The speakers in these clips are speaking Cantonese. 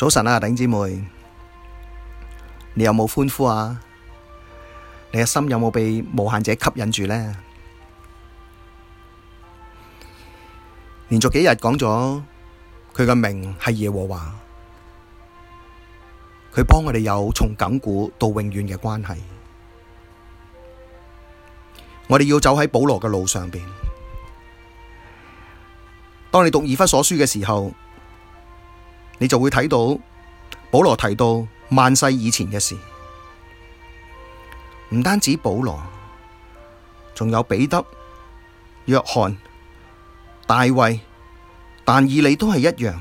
早晨啊，頂姐妹，你有冇歡呼啊？你嘅心有冇被無限者吸引住呢？連續幾日講咗，佢嘅名係耶和華，佢幫我哋有從亙古到永遠嘅關係。我哋要走喺保羅嘅路上邊。當你讀以弗所書嘅時候。你就會睇到保羅提到萬世以前嘅事，唔單止保羅，仲有彼得、約翰、大衛，但以理都係一樣。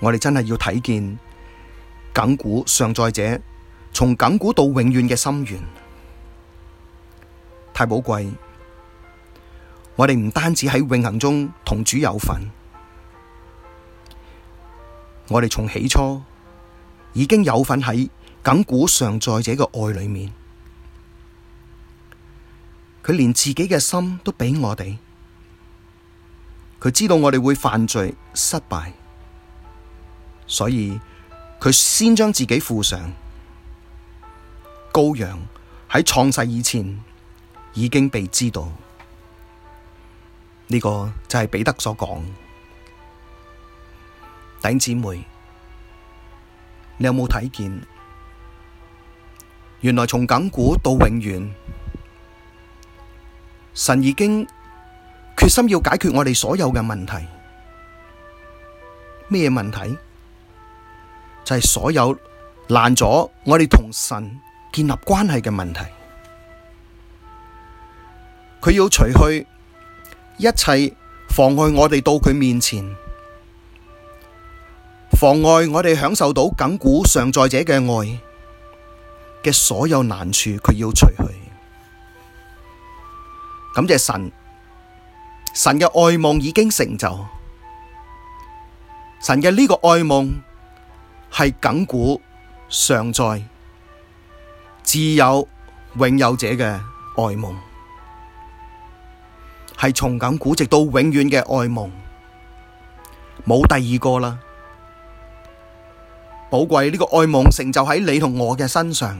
我哋真係要睇見亘古常在者，從亘古到永遠嘅心願，太寶貴。我哋唔單止喺永恒中同主有份。我哋從起初已經有份喺亙古常在者嘅愛裏面，佢連自己嘅心都畀我哋，佢知道我哋會犯罪失敗，所以佢先將自己附上羔羊喺創世以前已經被知道，呢、這個就係彼得所講。頂姊妹，你有冇睇見？原來從亙古到永遠，神已經決心要解決我哋所有嘅問題。咩問題？就係、是、所有爛咗我哋同神建立關係嘅問題。佢要除去一切妨礙我哋到佢面前。妨礙我哋享受到亙古常在者嘅愛嘅所有難處，佢要除去。感謝神，神嘅愛夢已經成就。神嘅呢個愛夢係亙古常在、自有、永有者嘅愛夢，係從亙古直到永遠嘅愛夢，冇第二個啦。寶貴呢個愛夢成就喺你同我嘅身上，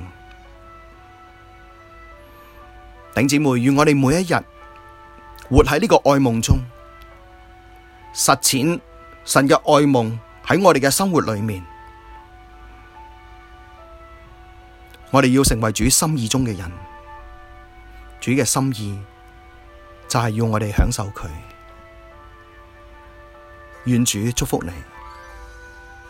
頂姐妹，願我哋每一日活喺呢個愛夢中，實踐神嘅愛夢喺我哋嘅生活裏面。我哋要成為主心意中嘅人，主嘅心意就係要我哋享受佢。願主祝福你。